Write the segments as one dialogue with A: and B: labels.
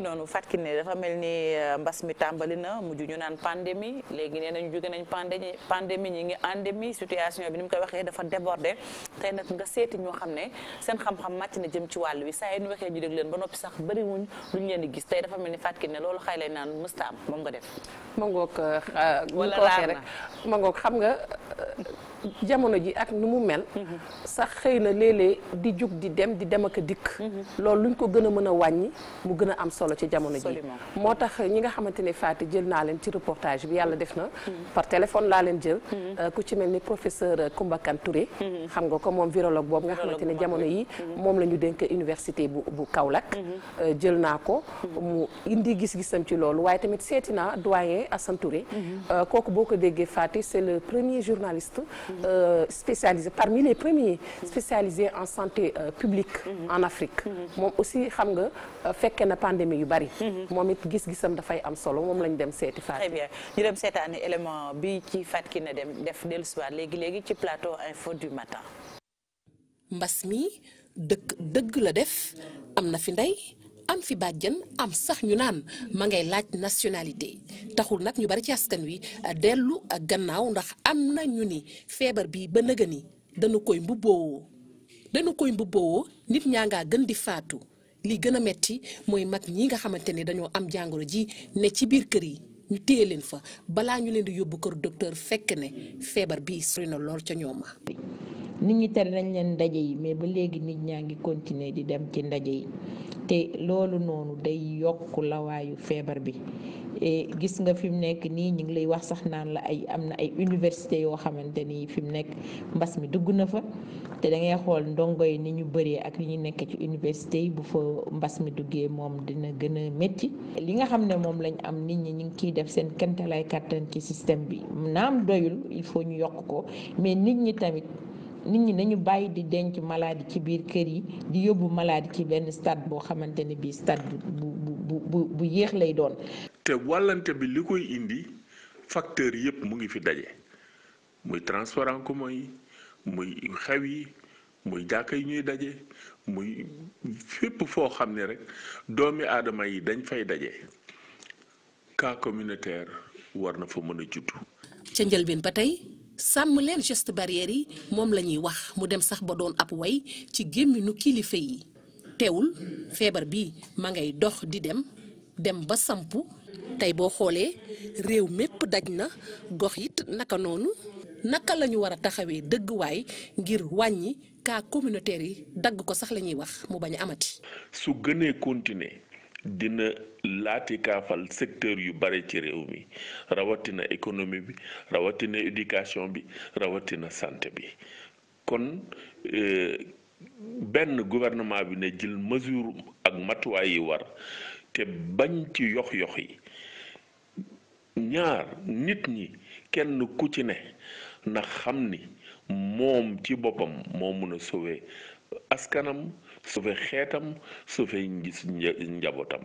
A: ngi noonu Fatou Kiné dafa mel ni euh, mbas mi tàmbali na mujj ñu naan pandémie léegi nee nañu jóge nañ pandémie pandémie ñi ngi endémie situation bi ni mu koy waxee dafa débordé tey nag nga seeti ñoo xam ne seen xam-xam màcc na jëm ci wàll wi saa yi nu waxee ñu dégg leen ba noppi sax bëri lu luñ leen di gis tey dafa mel ni Fatou Kiné loolu xay lay naan mësta am moom nga
B: def ma ngoog euh, ma ngoog xam nga jamono ji ak nu mu mel sax xëy na léeg-léeg di jug di dem di dem ak a dikk mhm. lool luñ ko gën a mën a wàññ mu gën a am solo ci jamono ji moo tax ñi nga xamante ne Faty jël naa leen ci reportage bi yàlla def na mhm. par téléphone laa leen jël mhm. euh, ku ci mel ni professeur Koumba Kane Touré xam nga ko moom virologue boobu nga xamante ne jamono yi moom la ñu dénk université bu bu Kaolack euh, jël naa ko mu indi gis-gisam ci loolu waaye tamit seeti naa doyen Assane Touré euh, kooku boo premier journaliste euh, spécialisé parmi les premiers spécialisé en santé euh, publique mhm. en Afrique mhm. moom aussi xam nga euh, fekkee na pandémie yu bari mhm. moom it gis-gisam dafay am solo moom lañ dem seeti Fatou très
A: bien ñu dem seetaani élément bi ci ki na dem def dellusiwaat léegi léegi ci plateau info du matin
B: mbas mi dëkk dëgg la def am na fi ndey am fi bàjjan am sax ñu naan ma ngay laaj nationalité taxul nag ñu bari ci askan wi euh, dellu ak euh, gannaaw ndax am na ñu ni feebar bi ba nëga ni dana koy mbubboo nit ñaa ngaa gën di faatu li gën a metti mooy mag ñi nga xamante ni dañoo am jàngoro ji ne ci biir kër yi
C: ñu téye leen fa balaa ñu leen di yóbbu kër docteur fekk ne feebar bi sori na lool ca ñoom. nit ñi tere nañ leen ndaje yi mais ba léegi nit ñaa ngi continuer di dem ci ndaje yi te loolu noonu day yokk lawaayu feebar bi e, gis nga fi mu nekk nii ñu ngi lay wax sax naan la ay am na ay université yoo xamante ni fi mu nekk mbas mi dugg na fa te da ngay xool ndongo yi ni ñu bëree ak li ñu nekk ci université yi bu fa mbas mi duggee moom dina gën a métti li nga xam ne moom lañ am nit ñi ñu ngi kiy def seen kentalaay kàttan ci système bi naam doyul il faut ñu yokk ko mais nit ñi tamit nit ñi nañu bàyyi di denc maladie ci biir kër yi di yóbbu maladie ci benn stade boo xamante ne bii stade bu bu bu bu yéex
D: lay doon. te wàllante bi li koy indi facteur yëpp mu ngi fi daje muy transport en muy xew yi muy jàkka yi ñuy daje muy fépp foo xam ne rek doomi aadama yi dañ fay daje cas communautaire war na fa mën a judd.
B: ca njëlbeen ba tey sàmm leen geste barrière yi moom la ñuy wax mu dem sax ba doon ab way ci gémminu kilifa yi teewul feebar bi ma ngay dox di dem dem ba sampu tey boo xoolee réew mépp daj na gox it naka noonu naka la ñu war a taxawee dëgg waay ngir wàññi cas communautaire yi dagg ko sax la ñuy wax mu bañ a amati.
D: su gënee continuer dina laatikaafal secteur yu bare ci réew mi rawatina économie bi rawatina éducation bi rawatina santé bi kon euh, benn gouvernement bi ne jël mesure ak matuwaay yi war te bañ ci yox yox yi ñaar nit ñi kenn ku ci ne na xam ni moom ci boppam moo mën a sauver askanam sauver xeetam sauver njabootam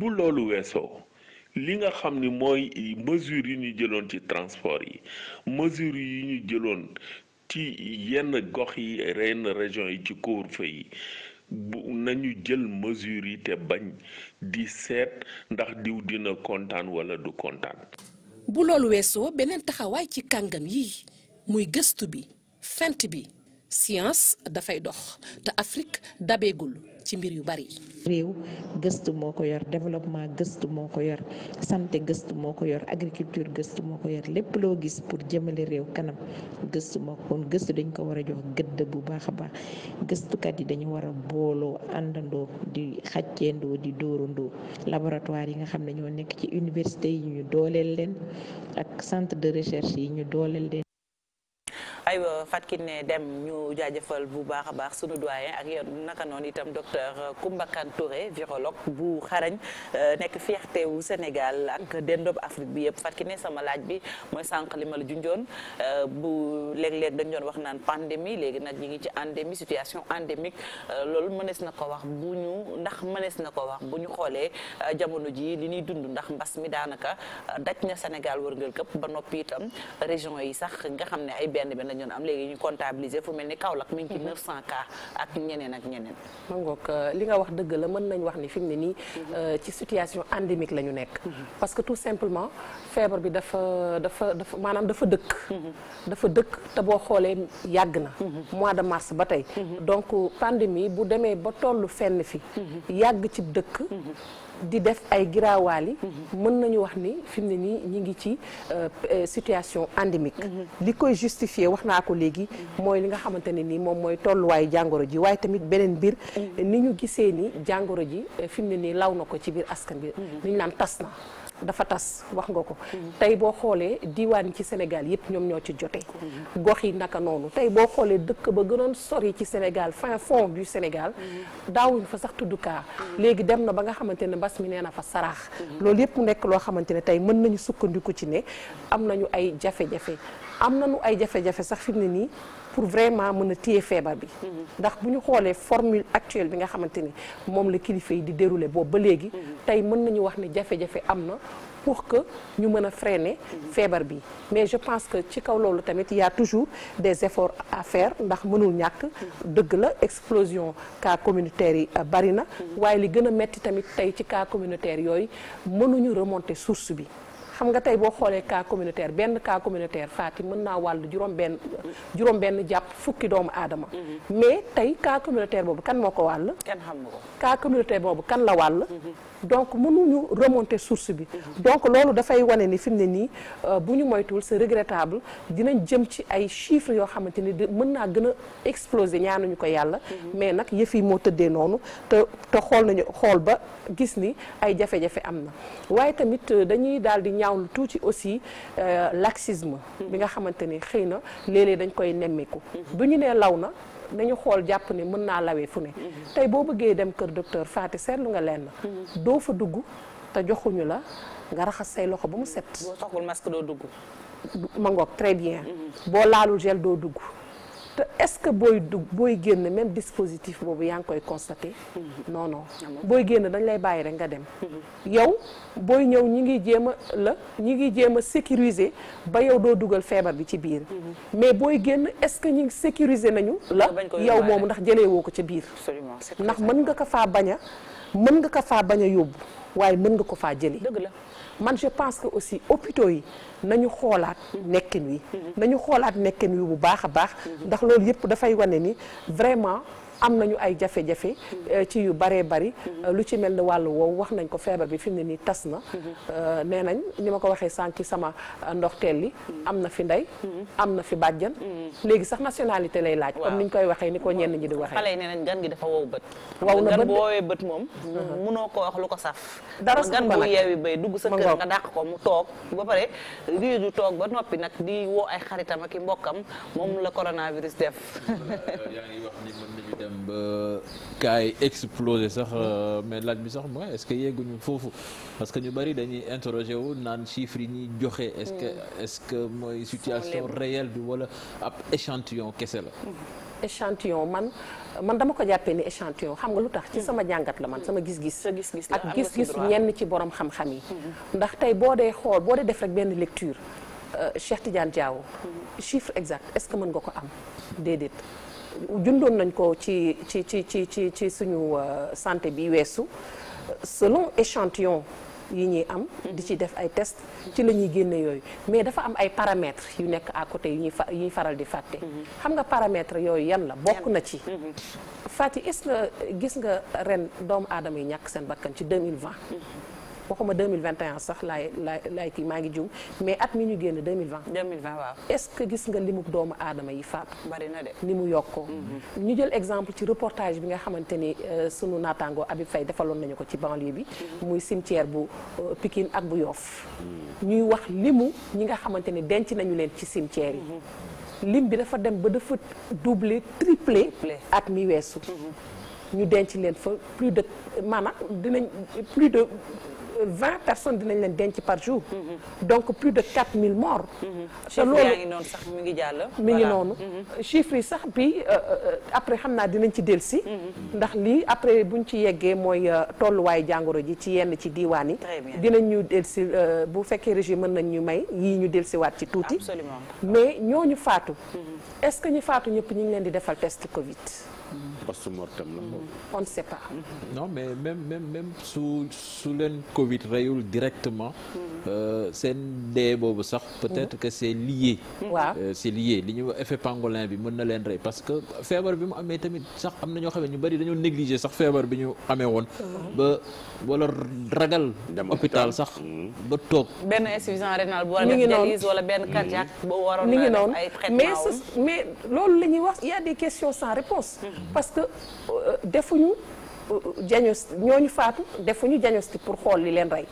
D: bu loolu weesoo li nga xam ni mooy mesure yi ñu jëloon ci transport yi mesure yi ñu jëloon ci yenn gox yi yenn région yi ci couvre-feu yi bu nañu jël mesure yi te bañ di seet ndax diw dina kontaan wala du kontaan.
B: bu loolu weesoo beneen taxawaay ci kàngam yi muy gëstu bi fent bi. science dafay dox te Afrique dabeegul
C: ci mbir yu bari. réew gëstu moo ko yor développement gëstu moo ko yor santé gëstu moo ko yor agriculture gëstu moo ko yor lépp loo gis pour jëmale réew kanam gëstu moo kon gëstu dañ ko war a jox gëdd bu baax a baax gëstukat yi dañu war a booloo àndandoo di xàcceendoo di dóorandoo laboratoire yi nga xam ne ñoo nekk ci université yi ñu dooleel leen ak centre de recherche yi ñu dooleel leen.
A: aywa Fatou ne dem ñu jaajëfal bu baax a baax sunu doyen ak yéen naka noon itam docteur Koumba Kane Touré virologue bu xarañ euh, nekk fierté wu Sénégal ak dendob Afrique bi yëpp ki ne sama laaj bi mooy sànq li ma la junjoon euh, bu léeg-léeg dañ doon wax naan pandémie léegi nag ñu ngi ci endémie situation endémique euh, loolu mënees na ko wax bu ñu ndax mënees na ko wax bu ñu xoolee jamono ji li nuy dund ndax mbas mi daanaka daj na Sénégal wërngal këpp ba noppi itam lañ doon am léegi ñu comptabiliser fu mel ni Kaolack mi ngi ci mhm. cas ak ñeneen ak ñeneen.
B: ma euh, li nga wax dëgg la mën nañ wax ni fi mu ne nii. Mhm. Euh, ci situation endémique la ñu nekk. Mhm. parce que tout simplement feebar bi dafa dafa dafa maanaam dafa dëkk. dafa dëkk te boo xoolee yàgg na. mois de mars ba tey. donc pandémie bu demee ba tollu fenn fi. yàgg ci dëkk. di def ay giraawaali mën nañu wax ni fi mu ne nii ñu ngi ci euh, euh, situation endémique mm-hmm. li koy justifier wax naa ko léegi mooy li nga xamante ne nii moom mooy tolluwaayu jàngoro ji waaye tamit beneen mbir mm-hmm. ni ñu gisee ni jàngoro ji euh, fi mu ne nii law na ko ci biir askan bi niñ mm-hmm. naan tas na dafa tas wax nga ko tey boo xoolee diiwaan ci Sénégal yëpp ñoom ñoo ci jote gox yi naka noonu tey boo xoolee dëkk ba gënoon sori ci Sénégal fin fond du Sénégal daawuñ fa sax tudd kaa léegi dem na ba nga xamante ne mbas mi nee na fa saraax loolu yëpp nekk loo xamante ne tey mën nañu sukkandiku ci ne am nañu ay jafe-jafe am nañu ay jafe-jafe sax fi ne nii pour vraiment mën a tiye feebar bi mhm. ndax bu ñu xoolee formule actuelle bi nga xamante ni moom la kilifa yi di dérouler boobu ba léegi mhm. tey mën nañu wax ni jafe-jafe am na pour que ñu mën a freiner mhm. feebar bi mais je pense que ci kaw loolu tamit y toujours des efforts à ndax mënul ñàkk dëgg la explosion cas communautaire yi euh, bari na waaye li gën a metti tamit tey ci cas communautaire yooyu mënuñu remonter source bi xam nga tey boo xoolee kaa communautaire benn kaa communautaire faati mën naa wàll juróom-benn juróom-benn jàpp fukki doomu aadama. Mhm. mais tey kaa communautaire boobu kan moo ko wàll. kenn xam nga ko cas communautaire boobu kan la wàll. Mhm. donc mënuñu remonter source bi donc loolu dafay wane ni fi ne nii euh, bu ñu moytuwul c'est regrettable dinañ jëm ci ay chiffres yoo xamante ni mën naa gën a exploser ñaanuñu ko yàlla mm-hmm. mais nag yëf yi moo tëddee noonu te te xool nañu xool ba gis ni ay jafe am na waaye tamit euh, dañuy daal di ñaawlu tuuti aussi euh, laxisme bi nga xamante ni xëy na léeg dañ koy nemmeeku mm-hmm. bu ñu nee law na nañu xool jàpp ne mën naa lawee fu ne tey boo bëggee dem kër docteur Faty seetlu nga lenn doo fa dugg te joxuñu la nga raxas say loxo ba mu set boo taxul masque doo dugg ma ngoog très bien mm-hmm. boo laalul gel doo dugg te est-ce que booy dugg booy génn même dispositif boobu yaa ngi koy constaté mm-hmm. noonoo non booy génn dañ lay bàyyi rek nga dem mm-hmm. yow booy ñëw ñi ngi jéem a la ñi ngi jéem a sécuriser ba yow doo dugal feebar bi ci biir mm-hmm. mais booy génn est-ce que ñi sécuriser nañu la yow moomu ndax jëlee woo ko ci biir ndax mën nga ko faa bañ a mën nga ko faa bañ a yóbbu waaye mën nga ko faa jëlee dëgg la man je pense que aussi hôpitaux yi nañu xoolaat nekkin wi mm-hmm. nañu xoolaat nekkin wi bu baax a baax mm-hmm. ndax loolu yëpp dafay wane ni vraiment am na ñu ay jafe-jafe euh, ci yu baree bari euh, lu ci mel ni wàll woowu wax nañ ko feebar bi fi mu ne nii tas na euh, nee nañ ni ma ko waxee sànq ci sama ndoxteel li am na fi ndey am na fi bàjjan léegi sax nationalité lay laaj comme ñu koy waxee ni ko ñenn ñi di waxee
A: xale yi nee nañ gan gi dafa wow bët wow na gan bu bët moom uh-huh. munoo ko wax lu ko saf dara gan bu yeewi bay dugg sa kër nga dàq ko mu toog ba pare riir du toog ba noppi nag di woo ay xaritam ak i mbokkam moom la coronavirus def
E: yaa dem ba cas yi explosé sax euh, mais laaj bi sax mooy est-ce que yegguñu foofu parce que ñu bari dañuy interroger wu naan chiffres yi ñuy joxe. est-ce que mm. est-ce que mooy situation réelle bi wala ab échantillon kese la. Mm.
B: échantillon man man dama ko jàppee ni échantillon xam nga lu tax ci mm. sama jàngat la man sama gis-gis ak gis-gis ñenn ci borom xam-xam yi mm-hmm. ndax tey boo dee xool boo dee def rek benn lecture euh, Cheikh Tidiane Diaw mm-hmm. chiffre exact est-ce que mën nga ko am déedéet jundoon nañ ko ci ci ci ci ci ci suñu euh, santé bi weesu selon échantillon yi ñuy am di ci def ay test ci la ñuy génne yooyu mais dafa am ay paramètres yu nekk à côté yu ñuy fa yu faral di fàtte xam nga paramètres yooyu yan la bokk na ci Fati est-ce que gis nga ren doomu aadama yi ñàkk seen bakkan ci 2020 waxuma 2021 sax laay laay laay kii maa ngi jiw mais at mi ñu génn 2020.
A: 2020 waaw
B: est-ce que gis nga limu doomu aadama yi faatu. bari na de ni mu yokkoo. Mhm. ñu jël exemple ci reportage bi nga xamante ni euh, sunu naataango abi fay defaloon nañu ko ci banlieue bi. Mhm. muy cimetière bu euh, Pikine ak bu Yoff. Mhm. ñuy wax limu ñi nga xamante ni denc nañu leen ci cimetière yi. lim bi dafa dem ba dafa doubler tripler at mi weesu. ñu denc leen fa plus de maanaam dinañ plus de. vingt personnes dinañ leen denc par jour. donc plus de quatre mille morts. te loolu yaa ngi
A: noonu sax mi ngi jàll. mi ngi noonu. Mhm.
B: chiffres yi sax bi euh, euh, après xam naa dinañ ci dellusi. Mhm. ndax lii après bu ñu ci yeggee mooy euh, tolluwaayu jàngoro ji ci yenn ci diiwaan yi. dinañ ñu dellusi bu fekkee régime mën nañ ñu may yii ñu dellusiwaat ci tuuti. mais ñooñu faatu. Mhm. est-ce que ñu faatu ñëpp ñu ngi leen di defal test Covid.
D: post mortem la
B: on ne sait
E: pas non mais même même même su su leen Covid reyul directement mm. euh, seen dee boobu sax peut-être mm. que c'est lié waaw euh, c'est lié li ñu effet pangolin bi mën na leen rey parce que feebar bi mu amee tamit sax am na ñoo xam ñu bari dañoo négliger sax feebar bi ñu amee woon mm. ba wala ragal hôpital sax ba toog
A: benn insuffisance rénale bu war benn cardiaque ba waroon na def ay traitement mais
B: mais loolu la wax il a des questions sans réponse que defuñu ñoo ñu faatu defuñu diagnostic pour xool li leen rey.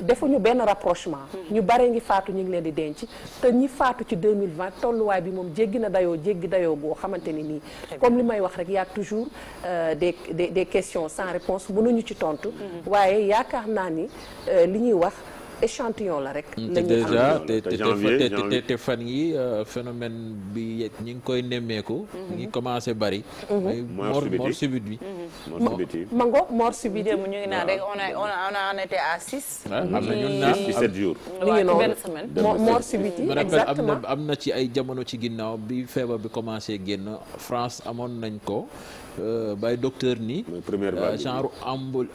B: defuñu benn rapprochement. ñu baree ngi faatu ñu ngi leen di denc. te ñi faatu ci 2020 tolluwaay bi moom jéggi na dayoo jéggi dayoo goo xamante ni nii. comme li may wax rek y' a toujours euh, des des des questions sans réponse mënuñu ci tontu. Mm-hmm. waaye yaakaar naa ni euh, li ñuy wax. échantillon la rek. Mm, la
E: ñuy am te te fan euh, bi ñu ngi koy nemmeeku. Mm-hmm. ñu ngi commencé bari. Mm-hmm. mort mort bi. Mm-hmm.
B: mango mort
A: subite mu ñu a on a on était am na
E: ci exactement am na ci ay jamono ci ginnaaw bi feebar bi commencé génn France amoon nañ ko. Euh, bay docteur ni euh, genre emboli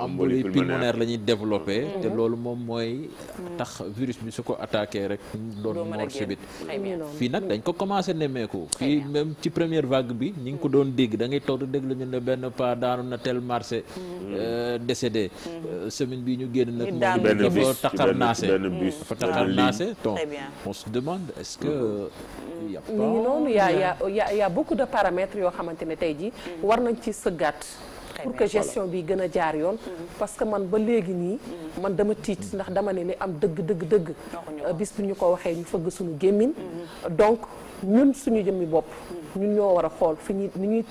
E: embolie pulmonaire la ñuy développé mm-hmm. te loolu moom mooy mm-hmm. tax virus bi su ko attaqué rek doon mort subite fii nag dañ ko commencé nemmeeku fii même ci première vague bi ñu ngi ko doon dégg dangay ngay toog di déglu ñu ne benn pas daanu na tel marché mm-hmm. euh, décédé semaine bi ñu génn nag moom dafa taxar naase dafa taxar naase donc on se demande est-ce que y
B: a pas yoo xamante ne tey jii war nañ ci sëggaat pour que gestion bi gën a jaar yoon parce que man ba léegi nii man dama tiit ndax dama ne li am dëgg dëgg dëgg euh, bis bu ñu ko waxee ñu fëgg suñu gémmiñ donc ñun suñu jëmmi bopp ñun ñoo war a xool fi ñuy ñuy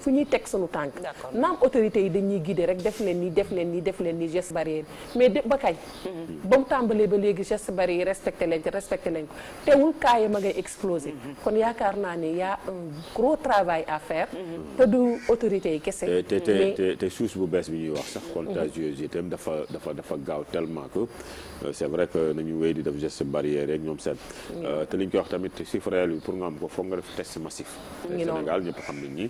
B: fu ñuy teg sunu tànk. naam autorités yi dañuy guider rek def leen ni def leen ni def leen ni geste barrière mais de ba kañ. Mhm. ba mu tàmbalee ba léegi geste barrière respecté leen ko respecté leen ko teewul kaayam a ngay explosé. Mhm. kon yaakaar naa ne y a un gros travail à faire. Mhm. te du autorités yi kese. te
D: te bu bees bi ñuy wax sax. contagiosité am dafa dafa dafa gaaw tellement que euh, c'est vrai que nañu wéy di def geste barrière ñoom seen. Euh, te li koy wax chiffre. ñu Sénégal ñëpp xam nañ ni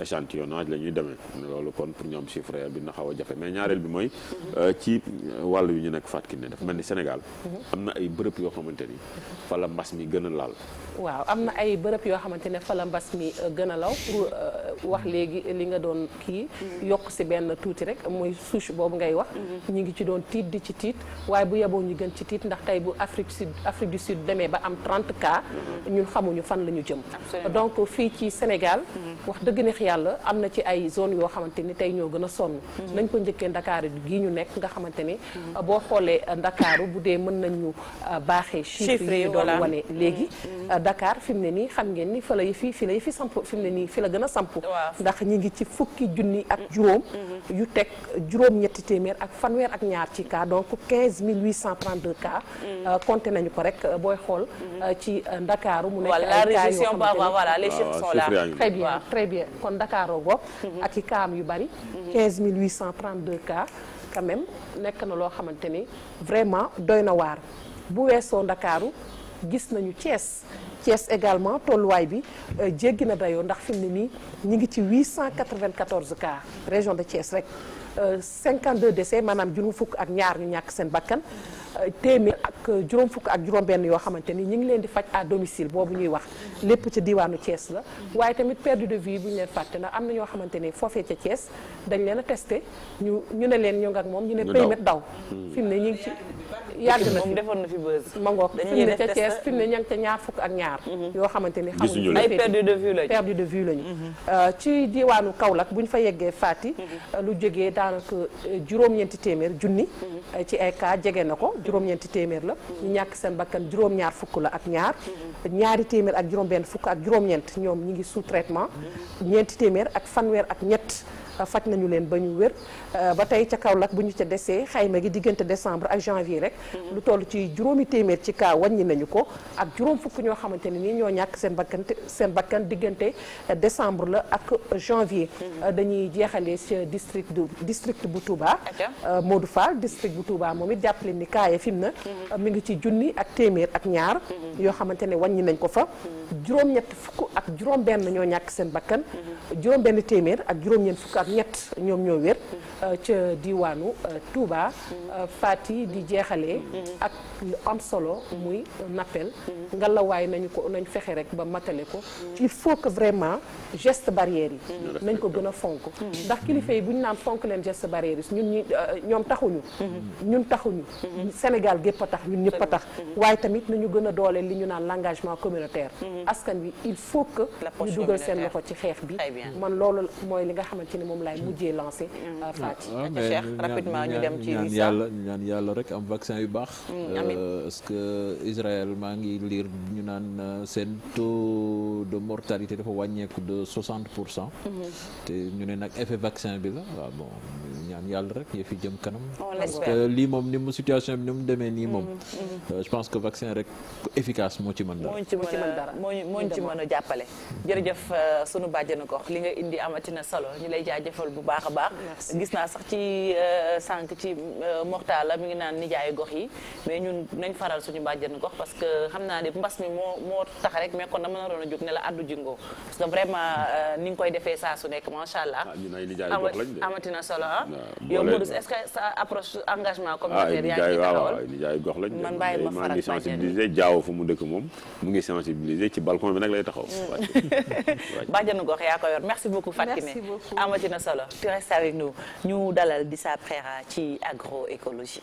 D: échantillonnage la ñuy demee loolu kon pour ñu am chiffre bi na xaw a jafe mais ñaareel bi mooy. Euh, ci euh, wàll yu ñu nekk Fatou Kiné dafa mel ni Sénégal. Mhm. am na ay bërëb yoo xamante ni fa mbas mi gën a laal.
B: waaw am na ay bërëb yoo xamante ne mbas mi euh, gën a law pour wax léegi li nga doon kii mm-hmm. yokk si benn tuuti rek mooy souche boobu ngay wax mm-hmm. ñi ngi ci doon tiit di ci tiit waaye bu yeboo ñu gën ci tiit ndax tey bu Afrique sud Afrique du Sud demee ba am 30 cas mm-hmm. ñun xamuñu fan la ñu jëm donc fii ci Sénégal wax dëgg neex yàlla am na ci ay zone yoo xamante ni tey ñoo gën a sonn nañ ko njëkkee Dakar gii ñu nekk nga xamante ni boo xoolee euh, ndakaaru bu dee mën nañ euh, ñu baaxee chiffre yi doon wane léegi euh, Dakar fi mu ne nii xam ngeen ni fa la yëfi fi la yëfi samp ne nii la gën a samp ndax ñi ngi ci fukki junni ak juróom mm-hmm. yu teg juróom-ñetti téeméer ak fanweer ak ñaar ci cas donc 15 832 cas mm-hmm. euh, compté nañu ko rek booy xool mm-hmm. euh, ci euh, Ndakaaru mu nekk ay cas yoo voilà les ah, chiffres sont là très bien très bien kon Ndakaaroo goog ak cas am nekk na loo xamante ni vraiment doy na waar bu weesoo Ndakaaru gis nañu cees Thiès également tolluwaay bi euh, jéggi na dayoo ndax fi mu ne nii ñu ngi ci 894 cas région de Thiès rek 52 euh, décès maanaam juróom fukk ak ñaar ñu ñàkk seen bakkan euh, téeméer ak juróom fukk ak juróom benn yoo xamante ni ñu ngi leen di faj à domicile boobu ñuy wax lépp ci diwaanu cees la waaye tamit perte de vue bu ñu leen fàtte ndax am na ñoo xamante ni foofee ca cees dañ leen a testé ñu ñu ne leen ñoo ngi ak moom ñu ne péymet daw yàgg na moom defoon na fi buzz ma ngoog ne ca Thiès fi ne ña ca ñaar fukk ak ñaar mhm. yoo xamante ni xamuñu ay perdu de vue lañu perdu de vue lañu mhm. euh, ci diwaanu Kaolack bu ñu fa yeggee Fatick mhm. euh, lu jógee daanaka euh, juróom-ñeenti téeméer junni ci ay e cas jege na ko juróom-ñeenti téeméer la ñu ñàkk seen bakkan juróom-ñaar fukk la ak ñaar ñaari téeméer ak juróom-benn fukk ak juróom-ñeent ñoom ñu ngi sous traitement ñeenti téeméer ak fanweer ak ñett faj nañu leen ba ñu wér euh, ba tey ca kaw Kaolack bu ñu ca desee xayma gi diggante décembre ak janvier rek mm-hmm. lu toll ci juróomi téeméer ci kaa wàññi nañu ko ak juróom fukk ñoo xamante ne nii ñoo ñàkk seen bakkan seen bakkan diggante euh, décembre la ak euh, janvier mm-hmm. dañuy jeexalee ci district district bu Touba Modou Fall district Touba moom it jàppale ni kaa ya fi na mm-hmm. mi ngi ci junni ak téeméer ak ñaar yoo xamante ne wàññi nañ ko fa juróom-ñett ak juróom benn ñoo ñàkk seen bakkan juróom benn téeméer ak juróom-ñeent fukk ak ñett ñoom ñoo wér euh, ca diwaanu euh, Touba euh, Fati di jeexale ak lu am solo muy nappel ngalawaay nañu ko nañ fexe rek ba matale ko il faut que vraiment geste barrière yi nañ ko gën a fonk mm-hmm. ndax kilifa yi bu ñu naan fonk leen geste barrière yi ñun ñi ñoom taxuñu mm-hmm. ñun taxuñu mm-hmm. Sénégal gépp a tax ñun ñëpp a tax waaye tamit nañu gën a dooleel li ñu naan l'engagement communautaire askan bi il faut que ñu dugal seen loxo ci xeex bi man loolu mooy li nga xamante ni moom laay mujjee lancé. Euh, mm. Fatou ah,
E: Cheikh rapidement ñu dem ñaan yàlla ñaan yàlla rek am vaccin yu baax. Mm, euh, amiin parce que Israël maa ngi liir ñu naan euh, seen taux de mortalité dafa wàññeeku de 60 pour cent. Mm-hmm. te ñu ne nag effet vaccin bi la waaw ah, ñaan yàlla rek yëf yi jëm kanam. parce que lii moom ni mu situation bi ni mu demee nii moom. Mm, mm. Euh, je pense que vaccin rek efficace moo moo ci mën
A: dara moo ci mën a jàppale. jërëjëf euh, sunu gox li nga indi amatina solo ñu lay jaajëfal bu baax a baax. gis naa sax ci euh, sànq ci Moxtaar la mi ngi naan nijaayu gox yi mais ñun nañ faral suñu bàjjenu gox parce que xam naa ne mbas mi moo moo tax rek mais kon dama la doon jóg ne la addu jingoo parce que vraiment ni nga koy defee saa su nekk macha allah. Ah, amatina solo ah. yow Modou est-ce que sa approche engagement communautaire ah, yaa ngi taxawal waaw
D: nijaay gox lañ man bàyyi ma faral ngi sensibiliser jaaw mu dëkk moom mu ngi sensibiliser ci balcon bi nag lay taxaw
E: hmm.
A: bàjjanu gox yaa ko yor merci beaucoup Fatimé amati na solo tu restes avec nous ñu dalal Dissa Préra ci agroécologie